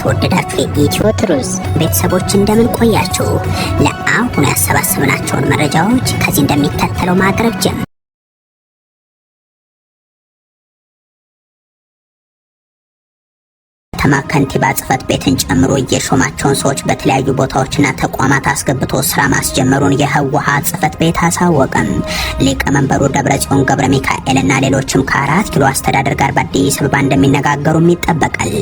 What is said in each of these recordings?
የተወደዳችሁ የኢትዮ ትሩዝ ቤተሰቦች እንደምን ቆያችሁ? ለአሁን ያሰባሰብናቸውን መረጃዎች ከዚህ እንደሚከተለው ማቅረብ ጀምር ከተማ ከንቲባ ቤትን ጨምሮ የሾማቸውን ሰዎች በተለያዩ ቦታዎችና ተቋማት አስገብቶ ስራ ማስጀመሩን የህወሓት ጽፈት ቤት አሳወቀም። ሊቀመንበሩ ደብረጽዮን ገብረ ሚካኤልና ሌሎችም ከአራት ኪሎ አስተዳደር ጋር በአዲስ አበባ እንደሚነጋገሩም ይጠበቃል።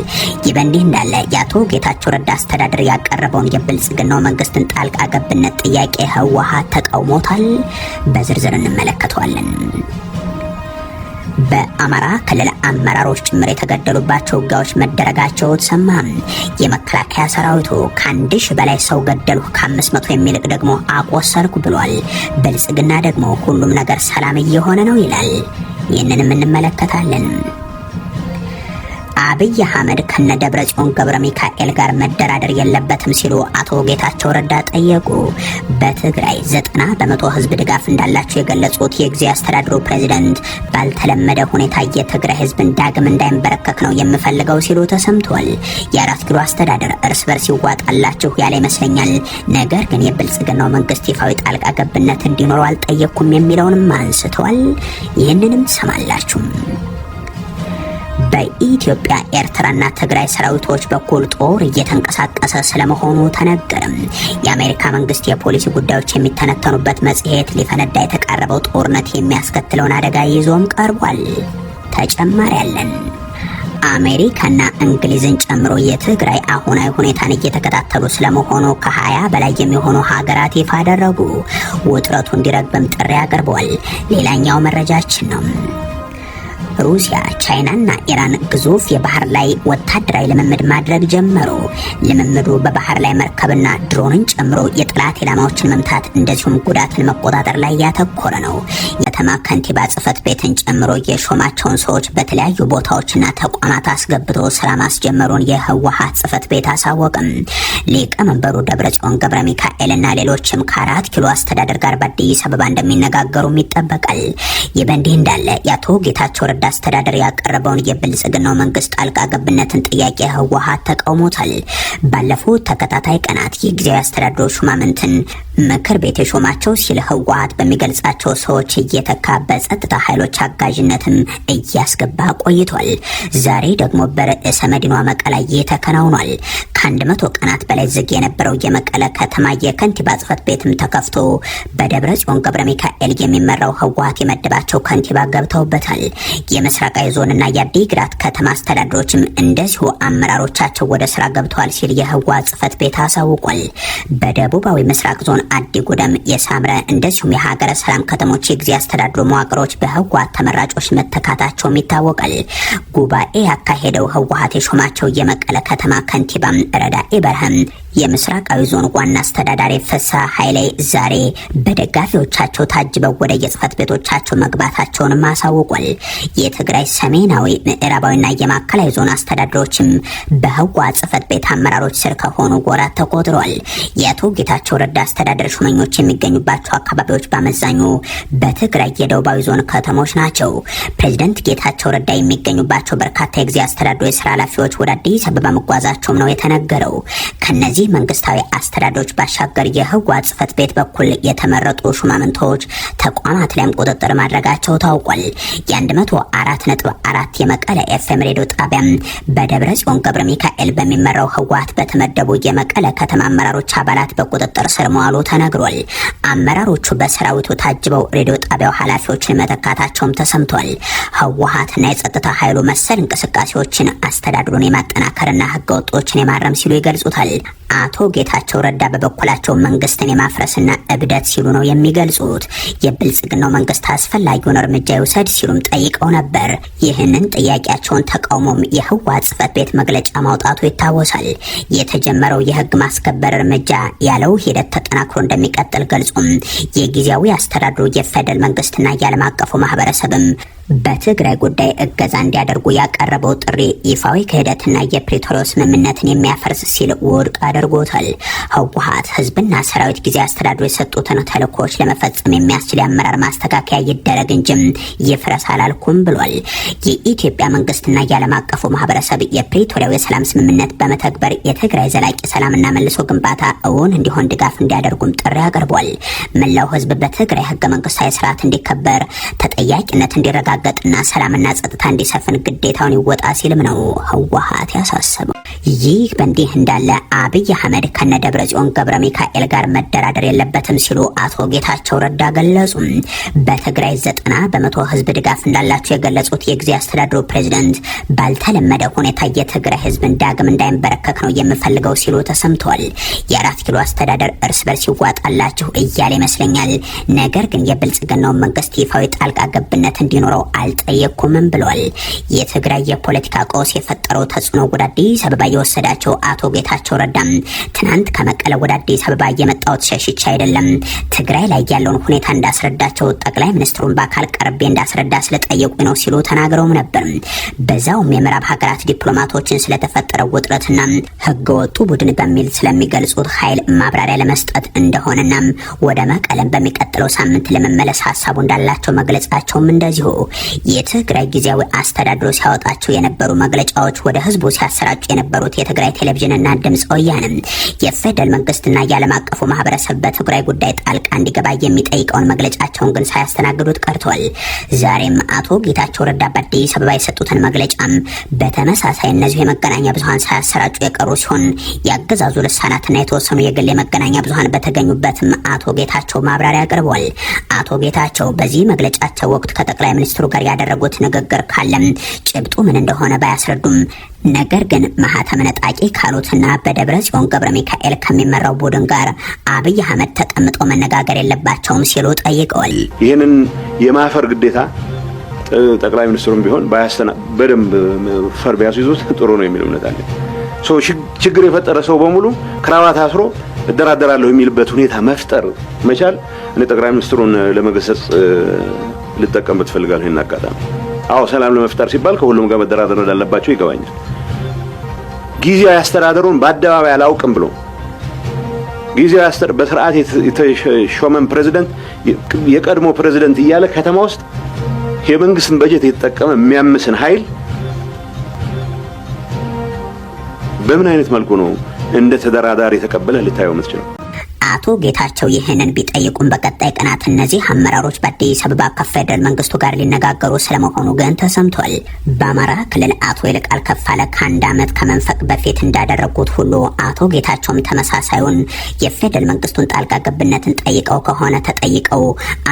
ይህ በእንዲህ እንዳለ የአቶ ጌታቸው ረዳ አስተዳደር ያቀረበውን የብልጽግናው መንግስትን ጣልቃ ገብነት ጥያቄ ህወሀት ተቃውሞታል። በዝርዝር እንመለከተዋለን። በአማራ ክልል አመራሮች ጭምር የተገደሉባቸው ውጊያዎች መደረጋቸው ተሰማ። የመከላከያ ሰራዊቱ ከአንድ ሺህ በላይ ሰው ገደልኩ ከአምስት መቶ የሚልቅ ደግሞ አቆሰልኩ ብሏል። ብልጽግና ደግሞ ሁሉም ነገር ሰላም እየሆነ ነው ይላል። ይህንን እንመለከታለን። አብይ አህመድ ከነ ደብረ ጽዮን ገብረ ሚካኤል ጋር መደራደር የለበትም ሲሉ አቶ ጌታቸው ረዳ ጠየቁ። በትግራይ ዘጠና በመቶ ህዝብ ድጋፍ እንዳላቸው የገለጹት የጊዜያዊ አስተዳድሩ ፕሬዚደንት ባልተለመደ ሁኔታ የትግራይ ህዝብን ዳግም እንዳይንበረከክ ነው የምፈልገው ሲሉ ተሰምቷል። የአራት ኪሎ አስተዳደር እርስ በርስ ይዋጣላችሁ ያለ ይመስለኛል። ነገር ግን የብልጽግናው መንግስት ይፋዊ ጣልቃ ገብነት እንዲኖረው አልጠየቅኩም የሚለውንም አንስተዋል። ይህንንም ትሰማላችሁ። በኢትዮጵያ ኤርትራና ትግራይ ሰራዊቶች በኩል ጦር እየተንቀሳቀሰ ስለመሆኑ ተነገረም። የአሜሪካ መንግስት የፖሊሲ ጉዳዮች የሚተነተኑበት መጽሔት ሊፈነዳ የተቃረበው ጦርነት የሚያስከትለውን አደጋ ይዞም ቀርቧል። ተጨማሪ ያለን አሜሪካና እንግሊዝን ጨምሮ የትግራይ አሁናዊ ሁኔታን እየተከታተሉ ስለመሆኑ ከሀያ በላይ የሚሆኑ ሀገራት ይፋ አደረጉ። ውጥረቱ እንዲረግብም ጥሪ አቅርበዋል። ሌላኛው መረጃችን ነው። ሩሲያ፣ ቻይናና ኢራን ግዙፍ የባህር ላይ ወታደራዊ ልምምድ ማድረግ ጀመሩ። ልምምዱ በባህር ላይ መርከብና ድሮንን ጨምሮ ጥላት ኢላማዎችን መምታት እንደዚሁም ጉዳትን መቆጣጠር ላይ ያተኮረ ነው። የከተማ ከንቲባ ጽህፈት ቤትን ጨምሮ የሾማቸውን ሰዎች በተለያዩ ቦታዎችና ተቋማት አስገብቶ ስራ ማስጀመሩን የህወሀት ጽህፈት ቤት አሳወቅም። ሊቀመንበሩ ደብረጽዮን ገብረ ሚካኤልና ሌሎችም ከአራት ኪሎ አስተዳደር ጋር በአዲስ አበባ እንደሚነጋገሩም ይጠበቃል። ይህ በእንዲህ እንዳለ የአቶ ጌታቸው ረዳ አስተዳደር ያቀረበውን የብልጽግናው መንግስት ጣልቃ ገብነትን ጥያቄ ህወሀት ተቃውሞታል። ባለፉት ተከታታይ ቀናት የጊዜያዊ አስተዳደሩ ሹማምን And. ምክር ቤት የሾማቸው ሲል ህወሀት በሚገልጻቸው ሰዎች እየተካ በጸጥታ ኃይሎች አጋዥነትም እያስገባ ቆይቷል። ዛሬ ደግሞ በርዕሰ መዲኗ መቀለ ተከናውኗል። ከአንድ መቶ ቀናት በላይ ዝግ የነበረው የመቀለ ከተማ የከንቲባ ጽህፈት ቤትም ተከፍቶ በደብረ ጽዮን ገብረ ሚካኤል የሚመራው ህወሀት የመደባቸው ከንቲባ ገብተውበታል። የምስራቃዊ ዞንና የአዲግራት ከተማ አስተዳደሮችም እንደዚሁ አመራሮቻቸው ወደ ስራ ገብተዋል ሲል የህወሀት ጽህፈት ቤት አሳውቋል። በደቡባዊ ምስራቅ ዞን አዲጉደም፣ የሳምረ እንደዚሁም የሀገረ ሰላም ከተሞች የጊዜ አስተዳድሩ መዋቅሮች በህወሀት ተመራጮች መተካታቸውም ይታወቃል። ጉባኤ ያካሄደው ህወሀት የሾማቸው የመቀለ ከተማ ከንቲባም ረዳኢ በርሀም የምስራቃዊ ዞን ዋና አስተዳዳሪ ፍሳ ኃይሌ ዛሬ በደጋፊዎቻቸው ታጅበው ወደ የጽፈት ቤቶቻቸው መግባታቸውን አሳውቋል። የትግራይ ሰሜናዊ ምዕራባዊና የማዕከላዊ ዞን አስተዳደሮችም በህዋ ጽፈት ቤት አመራሮች ስር ከሆኑ ጎራ ተቆጥረዋል። የአቶ ጌታቸው ረዳ አስተዳደር ሹመኞች የሚገኙባቸው አካባቢዎች በአመዛኙ በትግራይ የደቡባዊ ዞን ከተሞች ናቸው። ፕሬዚደንት ጌታቸው ረዳ የሚገኙባቸው በርካታ የጊዜ አስተዳደሩ ስራ ኃላፊዎች ወደ አዲስ አበባ መጓዛቸውም ነው የተነገረው። ከነዚህ ከእነዚህ መንግስታዊ አስተዳደሮች ባሻገር የህወሓት ጽህፈት ቤት በኩል የተመረጡ ሹማምንቶች ተቋማት ላይም ቁጥጥር ማድረጋቸው ታውቋል። የ104.4 የመቀለ ኤፍኤም ሬዲዮ ጣቢያ በደብረ ጽዮን ገብረ ሚካኤል በሚመራው ህወሓት በተመደቡ የመቀለ ከተማ አመራሮች አባላት በቁጥጥር ስር መዋሉ ተነግሯል። አመራሮቹ በሰራዊቱ ታጅበው ሬዲዮ ጣቢያው ኃላፊዎችን መተካታቸውም ተሰምቷል። ህወሓትና የጸጥታ ኃይሉ መሰል እንቅስቃሴዎችን አስተዳድሩን የማጠናከርና ህገወጦችን የማረም ሲሉ ይገልጹታል። አቶ ጌታቸው ረዳ በበኩላቸው መንግስትን የማፍረስና እብደት ሲሉ ነው የሚገልጹት። የብልጽግናው መንግስት አስፈላጊውን እርምጃ ይውሰድ ሲሉም ጠይቀው ነበር። ይህንን ጥያቄያቸውን ተቃውሞም የህወሓት ጽህፈት ቤት መግለጫ ማውጣቱ ይታወሳል። የተጀመረው የህግ ማስከበር እርምጃ ያለው ሂደት ተጠናክሮ እንደሚቀጥል ገልጹም የጊዜያዊ አስተዳድሩ የፌደራል መንግስትና የዓለም አቀፉ ማህበረሰብም በትግራይ ጉዳይ እገዛ እንዲያደርጉ ያቀረበው ጥሪ ይፋዊ ክህደትና የፕሪቶሪያው ስምምነትን የሚያፈርስ ሲል ውድቅ አድርጎታል። ህወሀት ህዝብና ሰራዊት ጊዜ አስተዳድሮ የሰጡትን ተልእኮዎች ለመፈጸም የሚያስችል የአመራር ማስተካከያ ይደረግ እንጂም ይፍረስ አላልኩም ብሏል። የኢትዮጵያ መንግስትና የዓለም አቀፉ ማህበረሰብ የፕሪቶሪያው የሰላም ስምምነት በመተግበር የትግራይ ዘላቂ ሰላምና መልሶ ግንባታ እውን እንዲሆን ድጋፍ እንዲያደርጉም ጥሪ አቅርቧል። መላው ህዝብ በትግራይ ህገ መንግስታዊ ስርዓት እንዲከበር ተጠያቂነት እንዲረጋ እንዲረጋገጥና ሰላምና ጸጥታ እንዲሰፍን ግዴታውን ይወጣ ሲልም ነው ህወሓት ያሳሰበው። ይህ በእንዲህ እንዳለ አብይ አህመድ ከነ ደብረ ጽዮን ገብረ ሚካኤል ጋር መደራደር የለበትም ሲሉ አቶ ጌታቸው ረዳ ገለጹ። በትግራይ ዘጠና በመቶ ህዝብ ድጋፍ እንዳላቸው የገለጹት የጊዜ አስተዳድሩ ፕሬዚደንት ባልተለመደ ሁኔታ የትግራይ ህዝብን ዳግም እንዳይንበረከክ ነው የምፈልገው ሲሉ ተሰምተዋል። የአራት ኪሎ አስተዳደር እርስ በርስ ይዋጣላችሁ እያለ ይመስለኛል። ነገር ግን የብልጽግናውን መንግስት ይፋዊ ጣልቃ ገብነት እንዲኖረው አልጠየቅኩምም ብሏል። የትግራይ የፖለቲካ ቀውስ የፈጠረው ተጽዕኖ ወደ አዲስ አበባ የወሰዳቸው አቶ ጌታቸው ረዳም ትናንት ከመ በቀለ ወደ አዲስ አበባ የመጣሁት ሸሽቼ አይደለም። ትግራይ ላይ ያለውን ሁኔታ እንዳስረዳቸው ጠቅላይ ሚኒስትሩን በአካል ቀርቤ እንዳስረዳ ስለጠየቁኝ ነው ሲሉ ተናግረውም ነበር። በዛውም የምዕራብ ሀገራት ዲፕሎማቶችን ስለተፈጠረው ውጥረትና ህገወጡ ቡድን በሚል ስለሚገልጹት ኃይል ማብራሪያ ለመስጠት እንደሆነና ወደ መቀለም በሚቀጥለው ሳምንት ለመመለስ ሀሳቡ እንዳላቸው መግለጻቸውም እንደዚሁ የትግራይ ጊዜያዊ አስተዳድሮ ሲያወጣቸው የነበሩ መግለጫዎች ወደ ህዝቡ ሲያሰራጩ የነበሩት የትግራይ ቴሌቪዥንና ድምፅ ወያንም የፌደራል መንግስትና የዓለም አቀፉ ማህበረሰብ በትግራይ ጉዳይ ጣልቃ እንዲገባ የሚጠይቀውን መግለጫቸውን ግን ሳያስተናግዱት ቀርቷል። ዛሬም አቶ ጌታቸው ረዳ በአዲስ አበባ የሰጡትን መግለጫም በተመሳሳይ እነዚሁ የመገናኛ ብዙሀን ሳያሰራጩ የቀሩ ሲሆን የአገዛዙ ልሳናትና የተወሰኑ የግል የመገናኛ ብዙሀን በተገኙበትም አቶ ጌታቸው ማብራሪያ አቅርቧል። አቶ ጌታቸው በዚህ መግለጫቸው ወቅት ከጠቅላይ ሚኒስትሩ ጋር ያደረጉት ንግግር ካለም ጭብጡ ምን እንደሆነ ባያስረዱም ነገር ግን ማህተም ነጣቂ ካሉትና በደብረ ጽዮን ገብረ ሚካኤል ከሚመራው ቡድን ጋር አብይ አህመድ ተቀምጦ መነጋገር የለባቸውም ሲሉ ጠይቀዋል። ይህንን የማፈር ግዴታ ጠቅላይ ሚኒስትሩም ቢሆን በደንብ ፈር ቢያስይዙት ጥሩ ነው የሚል እምነት አለ። ችግር የፈጠረ ሰው በሙሉ ክራባት አስሮ እደራደራለሁ የሚልበት ሁኔታ መፍጠር መቻል እኔ ጠቅላይ ሚኒስትሩን ለመገሰጽ ልጠቀምበት እፈልጋለሁ ይህን አጋጣሚ አዎ ሰላም ለመፍጠር ሲባል ከሁሉም ጋር መደራደር እንዳለባቸው ይገባኛል። ጊዜያዊ አስተዳደሩን በአደባባይ አላውቅም ብሎ ጊዜያዊ አስተዳደር በስርዓት የተሾመን ፕሬዝደንት የቀድሞ ፕሬዝደንት እያለ ከተማ ውስጥ የመንግስትን በጀት የተጠቀመ የሚያምስን ኃይል በምን አይነት መልኩ ነው እንደ ተደራዳሪ የተቀበለ ልታየው የምትችለው? አቶ ጌታቸው ይህንን ቢጠይቁም በቀጣይ ቀናት እነዚህ አመራሮች በአዲስ አበባ ከፌደራል መንግስቱ ጋር ሊነጋገሩ ስለመሆኑ ግን ተሰምቷል። በአማራ ክልል አቶ ይልቃል ከፋለ ከአንድ ዓመት ከመንፈቅ በፊት እንዳደረጉት ሁሉ አቶ ጌታቸውም ተመሳሳዩን የፌደራል መንግስቱን ጣልቃ ገብነትን ጠይቀው ከሆነ ተጠይቀው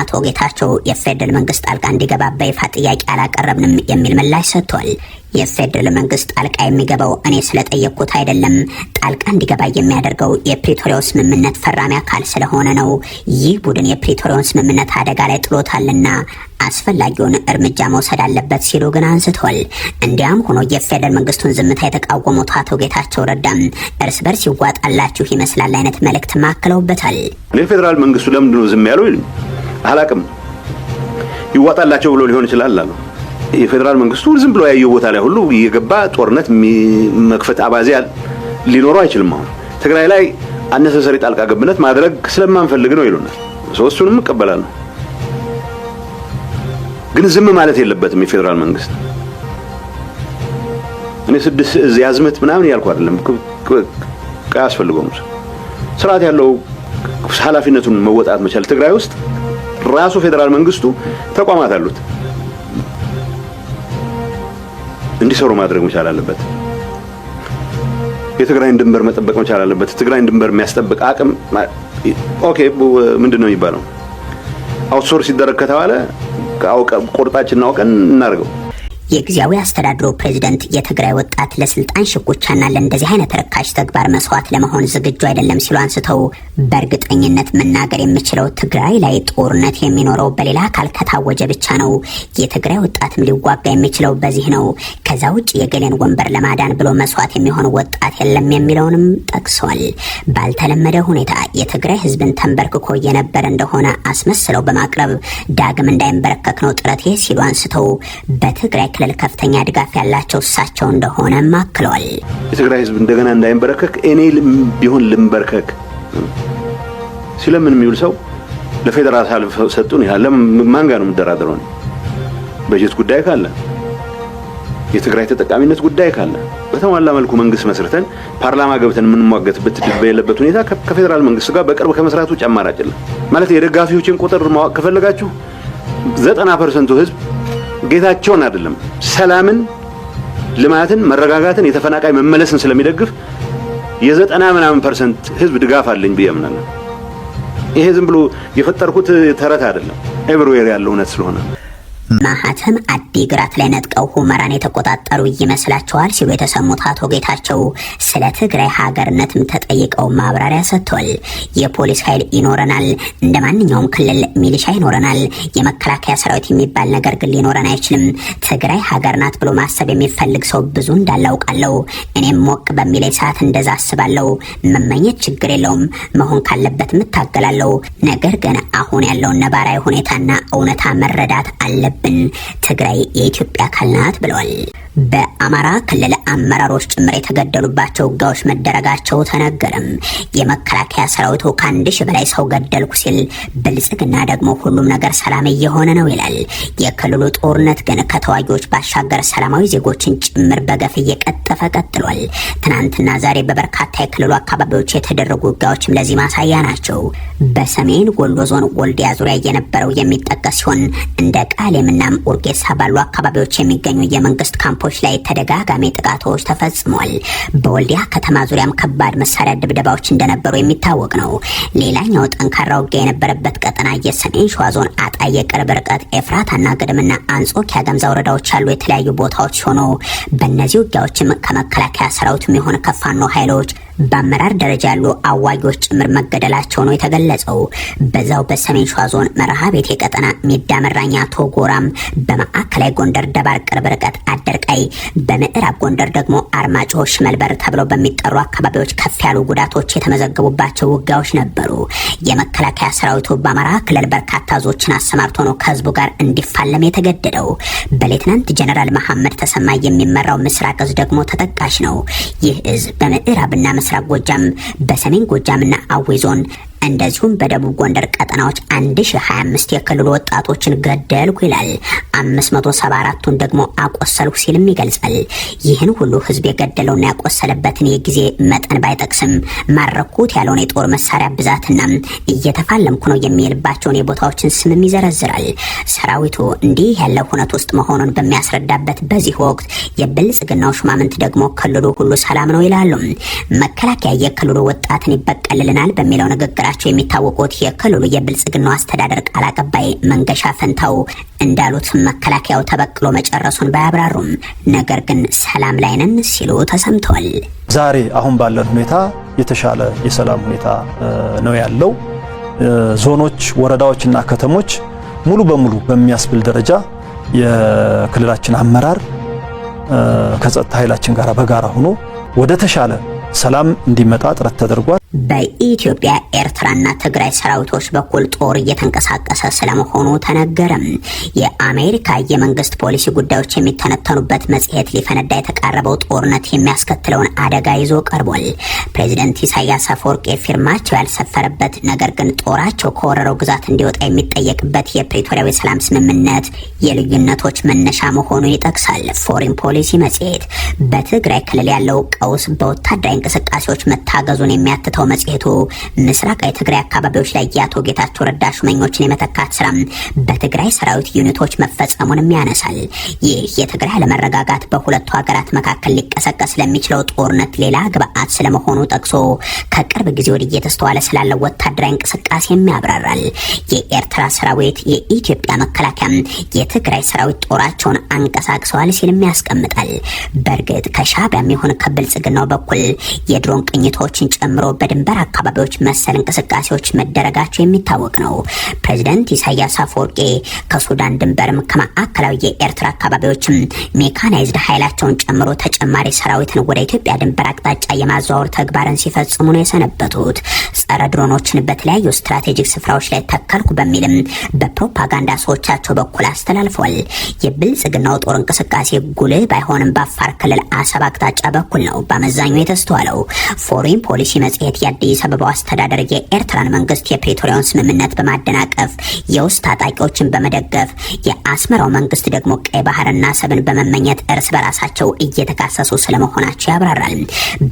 አቶ ጌታቸው የፌደራል መንግስት ጣልቃ እንዲገባ በይፋ ጥያቄ አላቀረብንም የሚል ምላሽ ሰጥቷል። የፌዴራል መንግስት ጣልቃ የሚገባው እኔ ስለጠየቅኩት አይደለም። ጣልቃ እንዲገባ የሚያደርገው የፕሪቶሪያው ስምምነት ፈራሚ አካል ስለሆነ ነው። ይህ ቡድን የፕሪቶሪያውን ስምምነት አደጋ ላይ ጥሎታልና አስፈላጊውን እርምጃ መውሰድ አለበት ሲሉ ግን አንስተዋል። እንዲያም ሆኖ የፌዴራል መንግስቱን ዝምታ የተቃወሙት አቶ ጌታቸው ረዳም እርስ በርስ ይዋጣላችሁ ይመስላል አይነት መልእክት ማክለውበታል። ፌደራል መንግስቱ ለምንድነው ዝም ያለው? አላቅም ይዋጣላቸው ብሎ ሊሆን ይችላል አሉ የፌዴራል መንግስቱ ዝም ብሎ ያየው ቦታ ላይ ሁሉ እየገባ ጦርነት መክፈት አባዜ ሊኖረው አይችልም። አሁን ትግራይ ላይ አነሰሰሪ ጣልቃ ገብነት ማድረግ ስለማንፈልግ ነው ይሉናል። ሶስቱንም እቀበላለሁ፣ ግን ዝም ማለት የለበትም የፌዴራል መንግስት። እኔ ስድስት ያዝመት ምናምን ያልኩ አይደለም፣ አያስፈልገውም። ስርዓት ያለው ኃላፊነቱን መወጣት መቻል። ትግራይ ውስጥ ራሱ ፌዴራል መንግስቱ ተቋማት አሉት። እንዲሰሩ ማድረግ መቻል አለበት። የትግራይን ድንበር መጠበቅ መቻል አለበት። ትግራይን ድንበር የሚያስጠብቅ አቅም ኦኬ፣ ምንድን ነው የሚባለው? አውትሶርስ ሲደረግ ከተባለ ቁርጣችን አውቀን እናደርገው። የጊዜያዊ አስተዳድሮ ፕሬዚደንት የትግራይ ወጣት ለስልጣን ሽኩቻና ለእንደዚህ አይነት ርካሽ ተግባር መስዋዕት ለመሆን ዝግጁ አይደለም ሲሉ አንስተው በእርግጠኝነት መናገር የምችለው ትግራይ ላይ ጦርነት የሚኖረው በሌላ አካል ከታወጀ ብቻ ነው። የትግራይ ወጣትም ሊዋጋ የሚችለው በዚህ ነው። ከዛ ውጭ የገሌን ወንበር ለማዳን ብሎ መስዋዕት የሚሆን ወጣት የለም የሚለውንም ጠቅሰዋል። ባልተለመደ ሁኔታ የትግራይ ህዝብን ተንበርክኮ የነበረ እንደሆነ አስመስለው በማቅረብ ዳግም እንዳይንበረከክ ነው ጥረቴ ሲሉ አንስተው በትግራይ ክልል ከፍተኛ ድጋፍ ያላቸው እሳቸው እንደሆነም አክለዋል። የትግራይ ህዝብ እንደገና እንዳይንበረከክ እኔ ቢሆን ልንበርከክ ሲለምን የሚውል ሰው ለፌዴራል ሳልፍ ሰጡን ያ ማን ጋር ነው የምደራደረው? በጀት ጉዳይ ካለ የትግራይ ተጠቃሚነት ጉዳይ ካለ በተሟላ መልኩ መንግስት መስርተን ፓርላማ ገብተን የምንሟገትበት የሌለበት ሁኔታ ከፌዴራል መንግስት ጋር በቅርብ ከመስራት ውጭ አማራጭ የለም። ማለት የደጋፊዎችን ቁጥር ማወቅ ከፈለጋችሁ ዘጠና ፐርሰንቱ ህዝብ ጌታቸውን አይደለም ሰላምን፣ ልማትን፣ መረጋጋትን፣ የተፈናቃይ መመለስን ስለሚደግፍ የዘጠና ምናምን ፐርሰንት ህዝብ ድጋፍ አለኝ ብዬ አምናለሁ። ይሄ ዝም ብሎ የፈጠርኩት ተረት አይደለም፣ ኤቭሪዌር ያለው እውነት ስለሆነ ማህተም አዲግራት ላይ ነጥቀው ሁመራን የተቆጣጠሩ ይመስላቸዋል ሲሉ የተሰሙት አቶ ጌታቸው ስለ ትግራይ ሀገርነትም ተጠይቀው ማብራሪያ ሰጥቷል። የፖሊስ ኃይል ይኖረናል፣ እንደ ማንኛውም ክልል ሚሊሻ ይኖረናል፣ የመከላከያ ሰራዊት የሚባል ነገር ግን ሊኖረን አይችልም። ትግራይ ሀገር ናት ብሎ ማሰብ የሚፈልግ ሰው ብዙ እንዳላውቃለሁ። እኔም ሞቅ በሚለኝ ሰዓት እንደዛ አስባለሁ። መመኘት ችግር የለውም፣ መሆን ካለበት እታገላለሁ። ነገር ግን አሁን ያለውን ነባራዊ ሁኔታና እውነታ መረዳት አለ። ያለብን ትግራይ የኢትዮጵያ አካል ናት ብለዋል። በአማራ ክልል አመራሮች ጭምር የተገደሉባቸው ውጊያዎች መደረጋቸው ተነገረም። የመከላከያ ሰራዊቱ ከአንድ ሺህ በላይ ሰው ገደልኩ ሲል፣ ብልጽግና ደግሞ ሁሉም ነገር ሰላም እየሆነ ነው ይላል። የክልሉ ጦርነት ግን ከተዋጊዎች ባሻገር ሰላማዊ ዜጎችን ጭምር በገፍ እየቀጠፈ ቀጥሏል። ትናንትና ዛሬ በበርካታ የክልሉ አካባቢዎች የተደረጉ ውጊያዎችም ለዚህ ማሳያ ናቸው። በሰሜን ወሎ ዞን ወልዲያ ዙሪያ የነበረው የሚጠቀስ ሲሆን እንደ ቃሌምና ኡርጌሳ ባሉ አካባቢዎች የሚገኙ የመንግስት ካምፖ ባንኮች ላይ ተደጋጋሚ ጥቃቶች ተፈጽሟል። በወልዲያ ከተማ ዙሪያም ከባድ መሳሪያ ድብደባዎች እንደነበሩ የሚታወቅ ነው። ሌላኛው ጠንካራ ውጊያ የነበረበት ቀጠና የሰሜን ሸዋ ዞን አጣዬ ቅርብ ርቀት ኤፍራታና ግድምና አንጾኪያ ገምዛ ወረዳዎች ያሉ የተለያዩ ቦታዎች ሲሆኑ በእነዚህ ውጊያዎችም ከመከላከያ ሰራዊት የሚሆን ከፋኖ ኃይሎች በአመራር ደረጃ ያሉ አዋጊዎች ጭምር መገደላቸው ነው የተገለጸው። በዛው በሰሜን ሸዋ ዞን መርሃ ቤቴ ቀጠና ሜዳ መራኛ ቶጎራም በማዕከላዊ ጎንደር ደባር ቅርብ ርቀት አደርቃ ላይ፣ በምዕራብ ጎንደር ደግሞ አርማጭሆ፣ ሽመልበር ተብለው በሚጠሩ አካባቢዎች ከፍ ያሉ ጉዳቶች የተመዘገቡባቸው ውጊያዎች ነበሩ። የመከላከያ ሰራዊቱ በአማራ ክልል በርካታ ዞችን አሰማርቶ ነው ከህዝቡ ጋር እንዲፋለም የተገደደው። በሌትናንት ጀነራል መሐመድ ተሰማ የሚመራው ምስራቅ እዝ ደግሞ ተጠቃሽ ነው። ይህ እዝ በምዕራብና ምስራቅ ጎጃም፣ በሰሜን ጎጃምና አዊ ዞን እንደዚሁም በደቡብ ጎንደር ቀጠናዎች 1025 የክልሉ ወጣቶችን ገደልኩ ይላል። 574ቱን ደግሞ አቆሰልኩ ሲልም ይገልጻል። ይህን ሁሉ ህዝብ የገደለውና ያቆሰለበትን የጊዜ መጠን ባይጠቅስም ማረኩት ያለውን የጦር መሳሪያ ብዛትና እየተፋለምኩ ነው የሚልባቸውን የቦታዎችን ስምም ይዘረዝራል። ሰራዊቱ እንዲህ ያለ ሁነት ውስጥ መሆኑን በሚያስረዳበት በዚህ ወቅት የብልጽግናው ሹማምንት ደግሞ ክልሉ ሁሉ ሰላም ነው ይላሉ። መከላከያ የክልሉ ወጣትን ይበቀልልናል በሚለው ንግግራቸው መሆናቸው የሚታወቁት የክልሉ የብልጽግናው አስተዳደር ቃል አቀባይ መንገሻ ፈንታው እንዳሉት መከላከያው ተበቅሎ መጨረሱን ባያብራሩም ነገር ግን ሰላም ላይ ነን ሲሉ ተሰምተዋል። ዛሬ አሁን ባለን ሁኔታ የተሻለ የሰላም ሁኔታ ነው ያለው። ዞኖች፣ ወረዳዎችና ከተሞች ሙሉ በሙሉ በሚያስብል ደረጃ የክልላችን አመራር ከጸጥታ ኃይላችን ጋር በጋራ ሆኖ ወደ ተሻለ ሰላም እንዲመጣ ጥረት ተደርጓል። በኢትዮጵያ ኤርትራና ትግራይ ሰራዊቶች በኩል ጦር እየተንቀሳቀሰ ስለመሆኑ ተነገረም። የአሜሪካ የመንግስት ፖሊሲ ጉዳዮች የሚተነተኑበት መጽሔት ሊፈነዳ የተቃረበው ጦርነት የሚያስከትለውን አደጋ ይዞ ቀርቧል። ፕሬዚደንት ኢሳያስ አፈወርቅ ፊርማቸው ያልሰፈረበት ነገር ግን ጦራቸው ከወረረው ግዛት እንዲወጣ የሚጠየቅበት የፕሪቶሪያው የሰላም ስምምነት የልዩነቶች መነሻ መሆኑን ይጠቅሳል። ፎሪን ፖሊሲ መጽሔት በትግራይ ክልል ያለው ቀውስ በወታደራዊ እንቅስቃሴዎች መታገዙን የሚያትተው መጽሄቱ መጽሔቱ ምስራቃዊ ትግራይ አካባቢዎች ላይ የአቶ ጌታቸው ረዳ ሹመኞችን የመተካት ስራም በትግራይ ሰራዊት ዩኒቶች መፈጸሙንም ያነሳል። ይህ የትግራይ አለመረጋጋት በሁለቱ ሀገራት መካከል ሊቀሰቀስ ስለሚችለው ጦርነት ሌላ ግብአት ስለመሆኑ ጠቅሶ ከቅርብ ጊዜ ወዲህ እየተስተዋለ ስላለው ወታደራዊ እንቅስቃሴም ያብራራል። የኤርትራ ሰራዊት፣ የኢትዮጵያ መከላከያ፣ የትግራይ ሰራዊት ጦራቸውን አንቀሳቅሰዋል ሲልም ያስቀምጣል። በእርግጥ ከሻዕቢያም ይሁን ከብልጽግናው በኩል የድሮን ቅኝቶችን ጨምሮ በድንበር አካባቢዎች መሰል እንቅስቃሴዎች መደረጋቸው የሚታወቅ ነው። ፕሬዚደንት ኢሳያስ አፈወርቄ ከሱዳን ድንበርም ከማዕከላዊ የኤርትራ አካባቢዎችም ሜካናይዝድ ኃይላቸውን ጨምሮ ተጨማሪ ሰራዊትን ወደ ኢትዮጵያ ድንበር አቅጣጫ የማዘዋወር ተግባርን ሲፈጽሙ ነው የሰነበቱት። ጸረ ድሮኖችን በተለያዩ ስትራቴጂክ ስፍራዎች ላይ ተከልኩ በሚልም በፕሮፓጋንዳ ሰዎቻቸው በኩል አስተላልፈዋል። የብልጽግናው ጦር እንቅስቃሴ ጉልህ ባይሆንም በአፋር ክልል አሰብ አቅጣጫ በኩል ነው በአመዛኙ የተስተዋለው። ፎሪን ፖሊሲ መጽሔት ሌሊት የአዲስ አበባው አስተዳደር የኤርትራን መንግስት የፕሬቶሪያውን ስምምነት በማደናቀፍ የውስጥ ታጣቂዎችን በመደገፍ የአስመራው መንግስት ደግሞ ቀይ ባህርና ሰብን በመመኘት እርስ በራሳቸው እየተካሰሱ ስለመሆናቸው ያብራራል።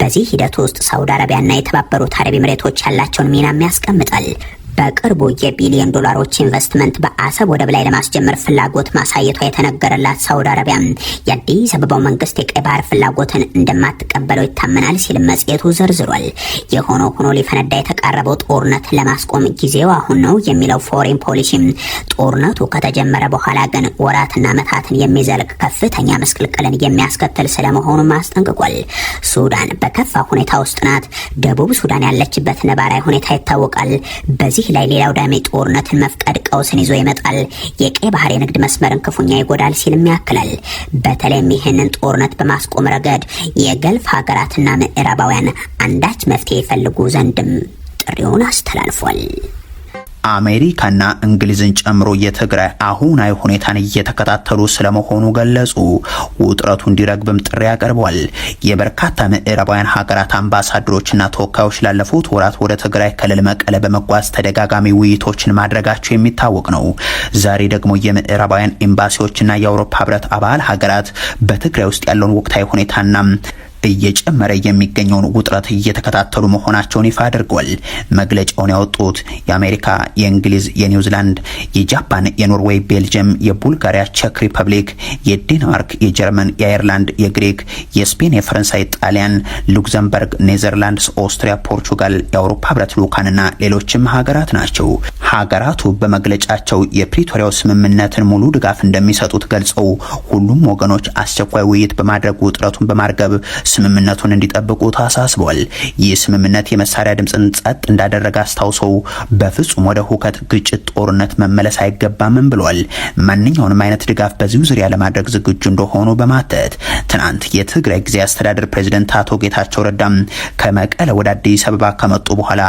በዚህ ሂደት ውስጥ ሳውዲ አረቢያና የተባበሩት አረብ ኤምሬቶች ያላቸውን ሚናም ያስቀምጣል። በቅርቡ የቢሊዮን ዶላሮች ኢንቨስትመንት በአሰብ ወደብ ላይ ለማስጀመር ፍላጎት ማሳየቷ የተነገረላት ሳውዲ አረቢያ የአዲስ አበባው መንግስት የቀይ ባህር ፍላጎትን እንደማትቀበለው ይታመናል ሲል መጽሔቱ ዘርዝሯል። የሆነ ሆኖ ሊፈነዳ የተቃረበው ጦርነት ለማስቆም ጊዜው አሁን ነው የሚለው ፎሬን ፖሊሲም ጦርነቱ ከተጀመረ በኋላ ግን ወራትና ዓመታትን የሚዘልቅ ከፍተኛ ምስቅልቅልን የሚያስከትል ስለመሆኑ አስጠንቅቋል። ሱዳን በከፋ ሁኔታ ውስጥ ናት። ደቡብ ሱዳን ያለችበት ነባራዊ ሁኔታ ይታወቃል። በዚህ በዚህ ላይ ሌላው ዳሜ ጦርነትን መፍቀድ ቀውስን ይዞ ይመጣል፣ የቀይ ባህር የንግድ መስመርን ክፉኛ ይጎዳል ሲልም ያክላል። በተለይም ይህንን ጦርነት በማስቆም ረገድ የገልፍ ሀገራትና ምዕራባውያን አንዳች መፍትሄ ይፈልጉ ዘንድም ጥሪውን አስተላልፏል። አሜሪካና እንግሊዝን ጨምሮ የትግራይ አሁናዊ ሁኔታን እየተከታተሉ ስለመሆኑ ገለጹ። ውጥረቱ እንዲረግብም ጥሪ አቅርቧል። የበርካታ ምዕራባውያን ሀገራት አምባሳደሮችና ተወካዮች ላለፉት ወራት ወደ ትግራይ ክልል መቀለ በመጓዝ ተደጋጋሚ ውይይቶችን ማድረጋቸው የሚታወቅ ነው። ዛሬ ደግሞ የምዕራባውያን ኤምባሲዎችና የአውሮፓ ህብረት አባል ሀገራት በትግራይ ውስጥ ያለውን ወቅታዊ ሁኔታና እየጨመረ የሚገኘውን ውጥረት እየተከታተሉ መሆናቸውን ይፋ አድርገዋል። መግለጫውን ያወጡት የአሜሪካ፣ የእንግሊዝ፣ የኒውዚላንድ፣ የጃፓን፣ የኖርዌይ፣ ቤልጅየም፣ የቡልጋሪያ፣ ቼክ ሪፐብሊክ፣ የዴንማርክ፣ የጀርመን፣ የአይርላንድ፣ የግሪክ፣ የስፔን፣ የፈረንሳይ፣ ጣሊያን፣ ሉክዘምበርግ፣ ኔዘርላንድስ፣ ኦስትሪያ፣ ፖርቹጋል፣ የአውሮፓ ህብረት ልዑካንና ሌሎችም ሀገራት ናቸው። ሀገራቱ በመግለጫቸው የፕሪቶሪያው ስምምነትን ሙሉ ድጋፍ እንደሚሰጡት ገልጸው ሁሉም ወገኖች አስቸኳይ ውይይት በማድረግ ውጥረቱን በማርገብ ስምምነቱን እንዲጠብቁ ታሳስቧል። ይህ ስምምነት የመሳሪያ ድምፅን ጸጥ እንዳደረገ አስታውሰው በፍጹም ወደ ሁከት፣ ግጭት፣ ጦርነት መመለስ አይገባምም ብሏል። ማንኛውንም አይነት ድጋፍ በዚሁ ዙሪያ ለማድረግ ዝግጁ እንደሆኑ በማተት ትናንት የትግራይ ጊዜ አስተዳደር ፕሬዚደንት አቶ ጌታቸው ረዳም ከመቀለ ወደ አዲስ አበባ ከመጡ በኋላ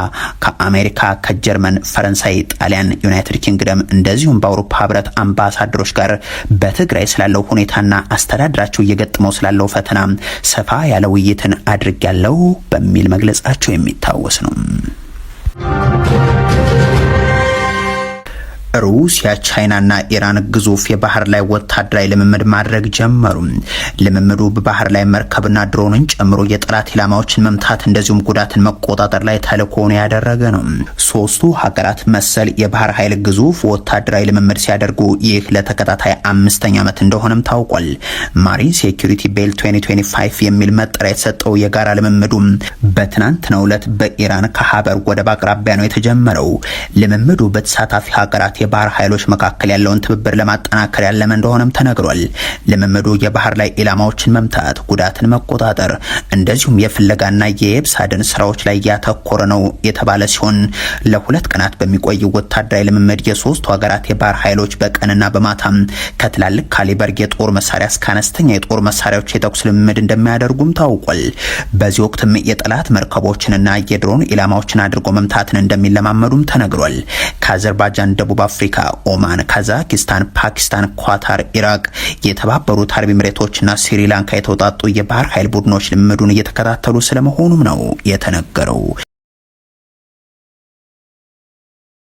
ከአሜሪካ፣ ከጀርመን፣ ፈረንሳይ፣ ጣሊያን፣ ዩናይትድ ኪንግደም እንደዚሁም በአውሮፓ ህብረት አምባሳደሮች ጋር በትግራይ ስላለው ሁኔታና አስተዳደራቸው እየገጠመው ስላለው ፈተና ሰፋ ያለ ውይይትን ያለው በሚል መግለጻቸው የሚታወስ ነው። ሩሲያ፣ ቻይናና ኢራን ግዙፍ የባህር ላይ ወታደራዊ ልምምድ ማድረግ ጀመሩ። ልምምዱ በባህር ላይ መርከብና ድሮንን ጨምሮ የጠላት ኢላማዎችን መምታት እንደዚሁም ጉዳትን መቆጣጠር ላይ ተልዕኮውን ያደረገ ነው። ሶስቱ ሀገራት መሰል የባህር ኃይል ግዙፍ ወታደራዊ ልምምድ ሲያደርጉ ይህ ለተከታታይ አምስተኛ ዓመት እንደሆነም ታውቋል። ማሪን ሴኩሪቲ ቤል 2025 የሚል መጠሪያ የተሰጠው የጋራ ልምምዱ በትናንትናው ዕለት በኢራን ከሀበር ወደብ አቅራቢያ ነው የተጀመረው። ልምምዱ በተሳታፊ ሀገራት የባህር ኃይሎች መካከል ያለውን ትብብር ለማጠናከር ያለመ እንደሆነም ተነግሯል። ልምምዱ የባህር ላይ ኢላማዎችን መምታት፣ ጉዳትን መቆጣጠር እንደዚሁም የፍለጋና የየብስ አድን ስራዎች ላይ ያተኮረ ነው የተባለ ሲሆን ለሁለት ቀናት በሚቆይ ወታደራዊ ልምምድ የሶስቱ ሀገራት የባህር ኃይሎች በቀንና በማታም ከትላልቅ ካሊበር የጦር መሳሪያ እስከ አነስተኛ የጦር መሳሪያዎች የተኩስ ልምምድ እንደሚያደርጉም ታውቋል። በዚህ ወቅትም የጠላት መርከቦችንና የድሮን ኢላማዎችን አድርጎ መምታትን እንደሚለማመዱም ተነግሯል። ከአዘርባጃን ደቡብ አፍሪካ፣ ኦማን፣ ካዛኪስታን፣ ፓኪስታን፣ ኳታር፣ ኢራቅ፣ የተባበሩት አረብ ኤምሬቶችና ስሪላንካ የተውጣጡ የባህር ኃይል ቡድኖች ልምዱን እየተከታተሉ ስለመሆኑም ነው የተነገረው።